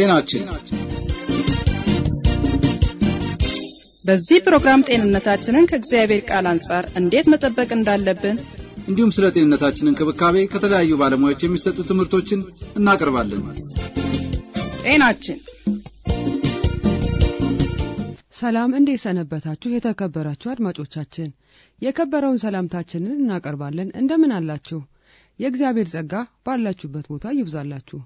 ጤናችን በዚህ ፕሮግራም ጤንነታችንን ከእግዚአብሔር ቃል አንጻር እንዴት መጠበቅ እንዳለብን እንዲሁም ስለ ጤንነታችን እንክብካቤ ከተለያዩ ባለሙያዎች የሚሰጡ ትምህርቶችን እናቀርባለን። ጤናችን ሰላም፣ እንዴት ሰነበታችሁ? የተከበራችሁ አድማጮቻችን የከበረውን ሰላምታችንን እናቀርባለን። እንደምን አላችሁ? የእግዚአብሔር ጸጋ ባላችሁበት ቦታ ይብዛላችሁ።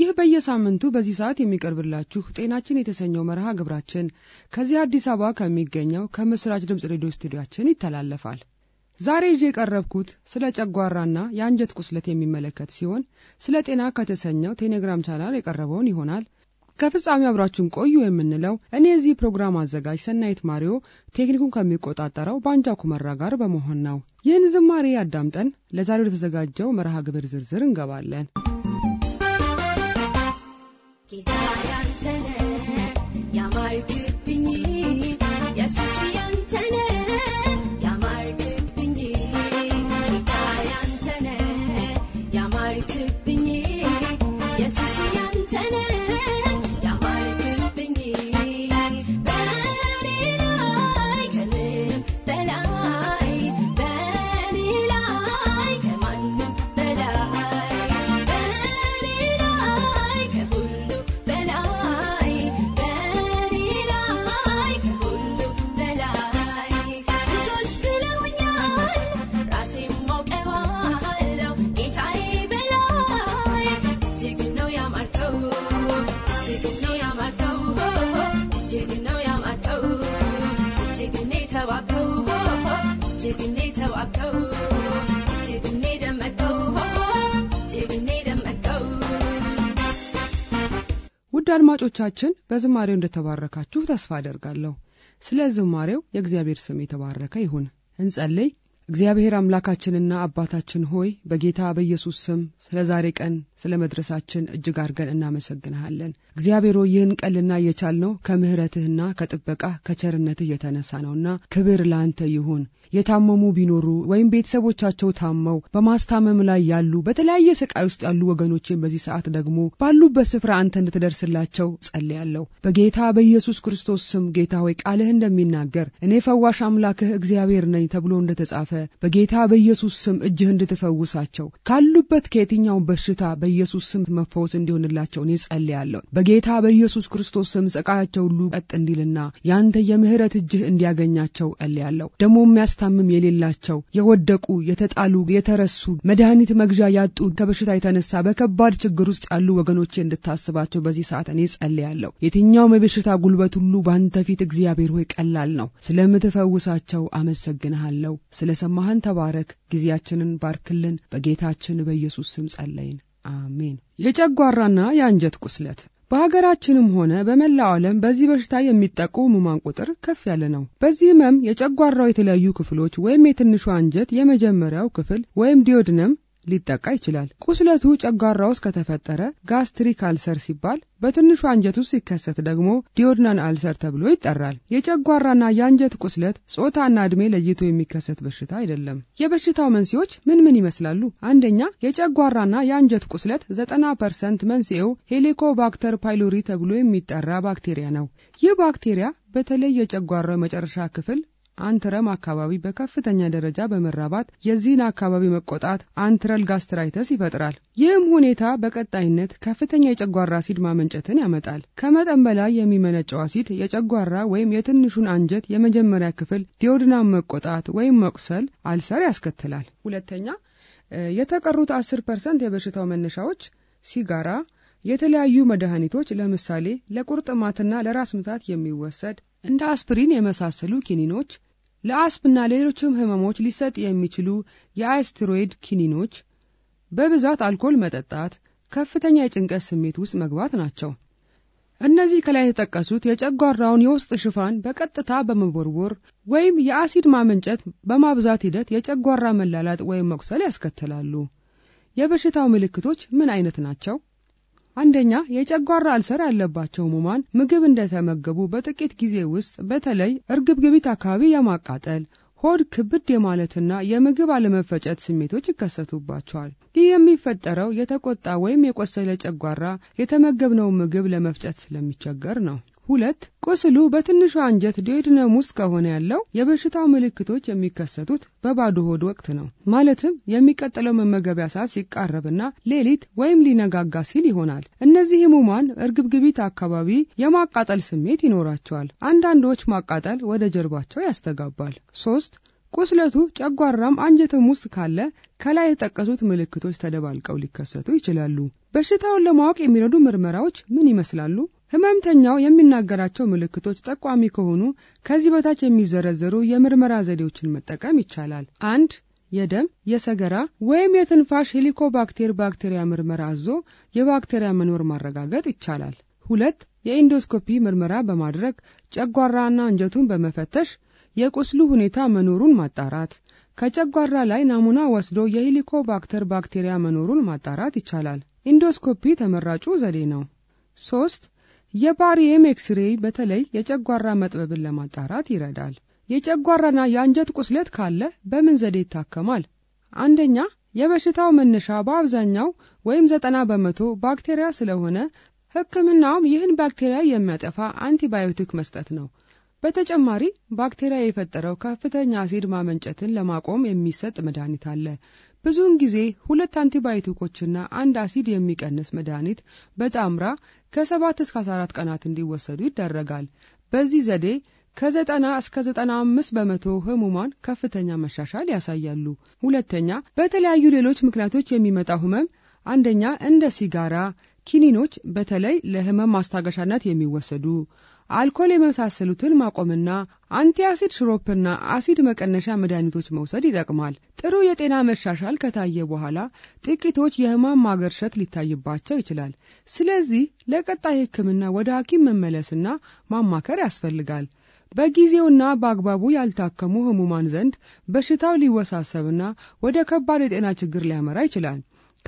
ይህ በየሳምንቱ በዚህ ሰዓት የሚቀርብላችሁ ጤናችን የተሰኘው መርሃ ግብራችን ከዚህ አዲስ አበባ ከሚገኘው ከምስራች ድምፅ ሬዲዮ ስቱዲያችን ይተላለፋል። ዛሬ ይዤ የቀረብኩት ስለ ጨጓራና የአንጀት ቁስለት የሚመለከት ሲሆን ስለ ጤና ከተሰኘው ቴሌግራም ቻናል የቀረበውን ይሆናል። ከፍጻሜ አብራችሁን ቆዩ የምንለው እኔ የዚህ ፕሮግራም አዘጋጅ ሰናይት ማሪዮ ቴክኒኩን ከሚቆጣጠረው በአንጃ ኩመራ ጋር በመሆን ነው። ይህን ዝማሬ ያዳምጠን። ለዛሬው ለተዘጋጀው መርሃ ግብር ዝርዝር እንገባለን። ጌታ ያንተነ ያማርክብኝ የሱስ ውድ አድማጮቻችን በዝማሬው እንደተባረካችሁ ተስፋ አደርጋለሁ። ስለ ዝማሬው የእግዚአብሔር ስም የተባረከ ይሁን። እንጸልይ። እግዚአብሔር አምላካችንና አባታችን ሆይ በጌታ በኢየሱስ ስም ስለ ዛሬ ቀን ስለ መድረሳችን እጅግ አድርገን እናመሰግንሃለን። እግዚአብሔር ይህን ቀን ልናየቻል ነው ከምሕረትህና ከጥበቃ ከቸርነትህ የተነሳ ነውና ክብር ለአንተ ይሁን። የታመሙ ቢኖሩ ወይም ቤተሰቦቻቸው ታመው በማስታመም ላይ ያሉ በተለያየ ስቃይ ውስጥ ያሉ ወገኖችን በዚህ ሰዓት ደግሞ ባሉበት ስፍራ አንተ እንድትደርስላቸው ጸልያለሁ። በጌታ በኢየሱስ ክርስቶስ ስም ጌታ ሆይ ቃልህ እንደሚናገር እኔ ፈዋሽ አምላክህ እግዚአብሔር ነኝ ተብሎ እንደተጻፈ በጌታ በኢየሱስ ስም እጅህ እንድትፈውሳቸው ካሉበት ከየትኛውን በሽታ በኢየሱስ ስም መፈወስ እንዲሆንላቸው እኔ ጸልያለሁ። በጌታ በኢየሱስ ክርስቶስ ስም ጸቃያቸው ሁሉ ቀጥ እንዲልና ያንተ የምህረት እጅህ እንዲያገኛቸው እልያለሁ። ደግሞ የሚያስታምም የሌላቸው የወደቁ፣ የተጣሉ፣ የተረሱ መድኃኒት መግዣ ያጡ ከበሽታ የተነሳ በከባድ ችግር ውስጥ ያሉ ወገኖቼ እንድታስባቸው በዚህ ሰዓት እኔ ጸልያለሁ። የትኛውም የበሽታ ጉልበት ሁሉ በአንተ ፊት እግዚአብሔር ሆይ ቀላል ነው። ስለምትፈውሳቸው አመሰግንሃለሁ። ስለ ሰማህን ተባረክ። ጊዜያችንን ባርክልን። በጌታችን በኢየሱስ ስም ጸለይን፣ አሜን። የጨጓራና የአንጀት ቁስለት በሀገራችንም ሆነ በመላው ዓለም በዚህ በሽታ የሚጠቁ ህሙማን ቁጥር ከፍ ያለ ነው። በዚህ ህመም የጨጓራው የተለያዩ ክፍሎች ወይም የትንሹ አንጀት የመጀመሪያው ክፍል ወይም ዲዮድነም ሊጠቃ ይችላል። ቁስለቱ ጨጓራ ውስጥ ከተፈጠረ ጋስትሪክ አልሰር ሲባል በትንሹ አንጀት ውስጥ ሲከሰት ደግሞ ዲዮድናን አልሰር ተብሎ ይጠራል። የጨጓራና የአንጀት ቁስለት ጾታና ዕድሜ ለይቶ የሚከሰት በሽታ አይደለም። የበሽታው መንስኤዎች ምን ምን ይመስላሉ? አንደኛ የጨጓራና የአንጀት ቁስለት ዘጠና ፐርሰንት መንስኤው ሄሊኮባክተር ፓይሎሪ ተብሎ የሚጠራ ባክቴሪያ ነው። ይህ ባክቴሪያ በተለይ የጨጓራው መጨረሻ ክፍል አንትረም አካባቢ በከፍተኛ ደረጃ በመራባት የዚህን አካባቢ መቆጣት አንትረል ጋስትራይተስ ይፈጥራል። ይህም ሁኔታ በቀጣይነት ከፍተኛ የጨጓራ አሲድ ማመንጨትን ያመጣል። ከመጠን በላይ የሚመነጨው አሲድ የጨጓራ ወይም የትንሹን አንጀት የመጀመሪያ ክፍል ዲዮድናም መቆጣት ወይም መቁሰል አልሰር ያስከትላል። ሁለተኛ የተቀሩት አስር ፐርሰንት የበሽታው መነሻዎች ሲጋራ የተለያዩ መድኃኒቶች ለምሳሌ ለቁርጥማትና ለራስ ምታት የሚወሰድ እንደ አስፕሪን የመሳሰሉ ኪኒኖች፣ ለአስፕና ሌሎችም ህመሞች ሊሰጥ የሚችሉ የአስትሮይድ ኪኒኖች፣ በብዛት አልኮል መጠጣት፣ ከፍተኛ የጭንቀት ስሜት ውስጥ መግባት ናቸው። እነዚህ ከላይ የተጠቀሱት የጨጓራውን የውስጥ ሽፋን በቀጥታ በመቦርቦር ወይም የአሲድ ማመንጨት በማብዛት ሂደት የጨጓራ መላላጥ ወይም መቁሰል ያስከትላሉ። የበሽታው ምልክቶች ምን አይነት ናቸው? አንደኛ የጨጓራ አልሰር ያለባቸው ሙማን ምግብ እንደተመገቡ በጥቂት ጊዜ ውስጥ በተለይ እርግብግቢት አካባቢ የማቃጠል ሆድ ክብድ የማለትና የምግብ አለመፈጨት ስሜቶች ይከሰቱባቸዋል። ይህ የሚፈጠረው የተቆጣ ወይም የቆሰለ ጨጓራ የተመገብነውን ምግብ ለመፍጨት ስለሚቸገር ነው። ሁለት ቁስሉ በትንሹ አንጀት ዲዮድነም ውስጥ ከሆነ ያለው የበሽታው ምልክቶች የሚከሰቱት በባዶ ሆድ ወቅት ነው። ማለትም የሚቀጥለው መመገቢያ ሰዓት ሲቃረብና ሌሊት ወይም ሊነጋጋ ሲል ይሆናል። እነዚህ ህሙማን እርግብግቢት አካባቢ የማቃጠል ስሜት ይኖራቸዋል። አንዳንዶች ማቃጠል ወደ ጀርባቸው ያስተጋባል። ሶስት ቁስለቱ ጨጓራም አንጀትም ውስጥ ካለ ከላይ የተጠቀሱት ምልክቶች ተደባልቀው ሊከሰቱ ይችላሉ። በሽታውን ለማወቅ የሚረዱ ምርመራዎች ምን ይመስላሉ? ህመምተኛው የሚናገራቸው ምልክቶች ጠቋሚ ከሆኑ ከዚህ በታች የሚዘረዘሩ የምርመራ ዘዴዎችን መጠቀም ይቻላል። አንድ የደም የሰገራ ወይም የትንፋሽ ሄሊኮባክቴር ባክቴሪያ ምርመራ አዞ የባክቴሪያ መኖር ማረጋገጥ ይቻላል። ሁለት የኢንዶስኮፒ ምርመራ በማድረግ ጨጓራና አንጀቱን በመፈተሽ የቁስሉ ሁኔታ መኖሩን ማጣራት፣ ከጨጓራ ላይ ናሙና ወስዶ የሂሊኮባክተር ባክቴሪያ መኖሩን ማጣራት ይቻላል። ኢንዶስኮፒ ተመራጩ ዘዴ ነው። ሶስት የባሪየም ኤክስሬይ በተለይ የጨጓራ መጥበብን ለማጣራት ይረዳል። የጨጓራና የአንጀት ቁስለት ካለ በምን ዘዴ ይታከማል? አንደኛ የበሽታው መነሻ በአብዛኛው ወይም ዘጠና በመቶ ባክቴሪያ ስለሆነ ሕክምናውም ይህን ባክቴሪያ የሚያጠፋ አንቲባዮቲክ መስጠት ነው። በተጨማሪ ባክቴሪያ የፈጠረው ከፍተኛ አሲድ ማመንጨትን ለማቆም የሚሰጥ መድኃኒት አለ። ብዙውን ጊዜ ሁለት አንቲባዮቲኮችና አንድ አሲድ የሚቀንስ መድኃኒት በጣምራ ከሰባት እስከ አስራ አራት ቀናት እንዲወሰዱ ይደረጋል። በዚህ ዘዴ ከዘጠና እስከ ዘጠና አምስት በመቶ ህሙማን ከፍተኛ መሻሻል ያሳያሉ። ሁለተኛ በተለያዩ ሌሎች ምክንያቶች የሚመጣው ህመም አንደኛ እንደ ሲጋራ፣ ኪኒኖች በተለይ ለህመም ማስታገሻነት የሚወሰዱ አልኮል የመሳሰሉትን ማቆምና አንቲ አሲድ ሽሮፕና አሲድ መቀነሻ መድኃኒቶች መውሰድ ይጠቅማል። ጥሩ የጤና መሻሻል ከታየ በኋላ ጥቂቶች የህማም ማገርሸት ሊታይባቸው ይችላል። ስለዚህ ለቀጣይ ሕክምና ወደ ሐኪም መመለስና ማማከር ያስፈልጋል። በጊዜውና በአግባቡ ያልታከሙ ህሙማን ዘንድ በሽታው ሊወሳሰብና ወደ ከባድ የጤና ችግር ሊያመራ ይችላል።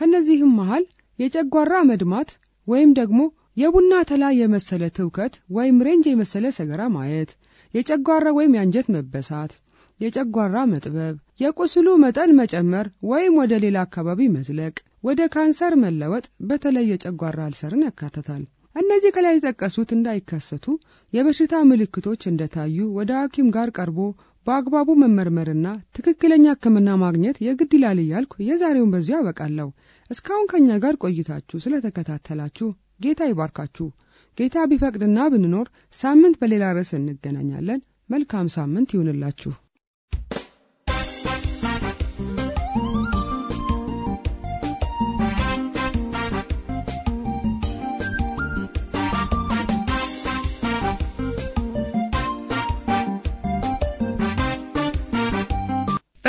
ከእነዚህም መሃል የጨጓራ መድማት ወይም ደግሞ የቡና ተላ የመሰለ ትውከት ወይም ሬንጅ የመሰለ ሰገራ ማየት፣ የጨጓራ ወይም የአንጀት መበሳት፣ የጨጓራ መጥበብ፣ የቁስሉ መጠን መጨመር ወይም ወደ ሌላ አካባቢ መዝለቅ፣ ወደ ካንሰር መለወጥ በተለይ የጨጓራ አልሰርን ያካትታል። እነዚህ ከላይ የጠቀሱት እንዳይከሰቱ የበሽታ ምልክቶች እንደታዩ ወደ ሐኪም ጋር ቀርቦ በአግባቡ መመርመርና ትክክለኛ ሕክምና ማግኘት የግድ ይላል እያልኩ የዛሬውን በዚያ አበቃለሁ። እስካሁን ከእኛ ጋር ቆይታችሁ ስለተከታተላችሁ ጌታ ይባርካችሁ። ጌታ ቢፈቅድና ብንኖር ሳምንት በሌላ ርዕስ እንገናኛለን። መልካም ሳምንት ይሁንላችሁ።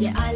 Yeah, I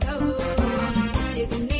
Acabó. Llegó